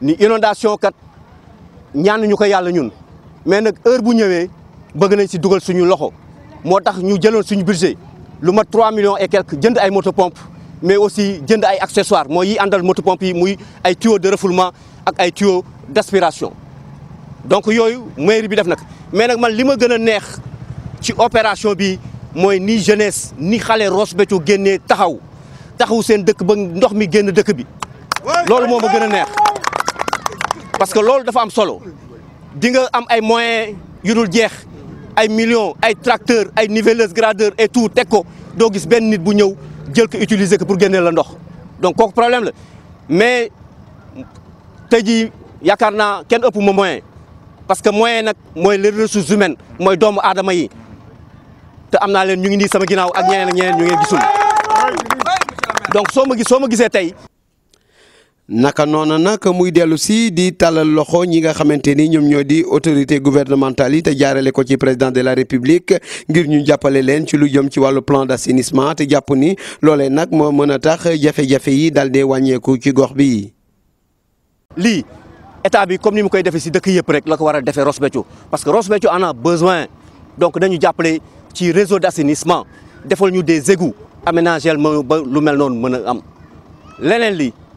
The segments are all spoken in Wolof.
ni inondation kat ñaan ñu ko yalla ñun mais nak heure bu ñëwé bëgg nañ ci duggal suñu loxo motax ñu jëloon suñu budget lu mat 3 millions et quelques jënd ay motopompe mais aussi jënd ay accessoires moy yi àndal motopompe yi muy ay tuyaux de refoulement ak ay tuyaux d'aspiration donc yooyu mairie bi def nak mais nak man lima gëna neex ci opération bi moy ni jeunesse ni xalé Ross Béthio génnee taxaw taxaw seen dëkk ba ndox mi génn dëkk bi loolu moma gëna neex parce que lol dafa am solo di nga am ay moyens yu dul jeex ay millions ay tracteurs ay niveleuse gradeur et tout teg ko doo gis ben nit bu ñew jël ko utiliser pour génnee la ndox donc kooku problème la mais tey yakarna ken ëpp mo moyen parce que moyen nak moy les ressources humaines moy doomu adama yi te amna len ñu ngi ni sama ginaaw ak ñeneen ak ñeneen ñu ngi gisul donc soo ma gis soo ma naka noona nak muy delu ci di talal loxo ñi nga xamanteni ni ñoom ñoo di autorité gouvernementale yi te jaarale ko ci président de la république ngir ñu jappalé leen ci lu jëm ci walu plan d'assainissement assainissement te jàpp ni lolé nak mo mëna a tax jafé jafé yi dal dé wañéku ci gox bi. li état bi comme ni mu koy défé ci dëkk yëpp rek la ko war a defee parce que Ross Béthio en a besoin donc dañu jappalé ci réseau d'assainissement défal ñu des égouts aménagel lu mel non mëna am lénen li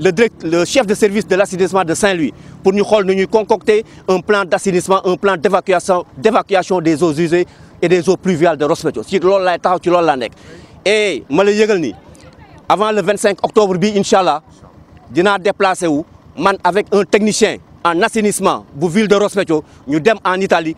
le, chef de service de l'assainissement de Saint-Louis pour nous, nous concocter un plan d'assainissement, un plan d'évacuation des eaux usées et des eaux pluviales de Rosmedio. C'est ce que nous Et je le avant le 25 octobre, Inch'Allah, je vais déplacer avec un technicien en assainissement pour la ville de Rosmeto Nous sommes en Italie.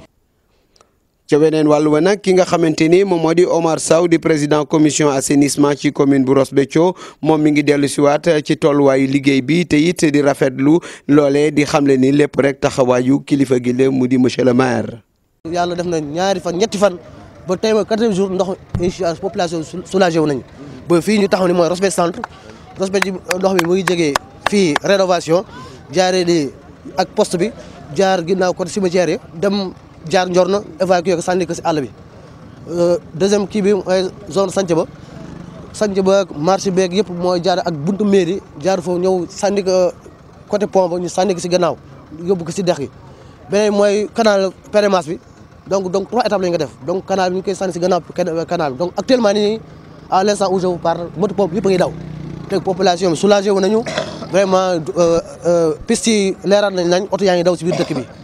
ce weneen wàllu wa nag ki nga xamante ni moom moo di Omar Sow di président commission assainissement ci commune bu Ross Béthio moom mi ngi dellu siwaat ci tolluwaayu liggéey bi te it di rafetlu loolee di xamle ni lépp rek taxawaayu kilifa gi la mu di monsieur le maire. yàlla def na ñaari fan ñetti fan ba tey ma quatrième jour ndox incha population soulagé wu nañu ba fii ñu taxaw ni mooy Ross Béthio centre Ross Béthio ndox mi mu ngi jógee fii rénovation jaare ni ak poste bi jaar ginnaaw côté cimetière yi dem. jaar Njorna évacuer ko sànni ko si àll bi euh, deuxième kii bi mooy zone sanc ba sanc ba marché beeg yëpp mooy jaar ak buntu mairie jaar foofu ñëw sànni ko euh, côté pont ba ñu sànni ko si gannaaw yóbbu ko si dex gi beneen mooy canal Pérémence bi donc donc trois étapes la ñu ko def donc canal bi ñu koy sànni si gannaaw euh, canal bi donc actuellement nii à l' instant où je vous parle yëpp ngi daw te population bi soulagé wu nañu vraiment piste yi leeraat nañ nañ oto yaa ngi daw si biir dëkk bi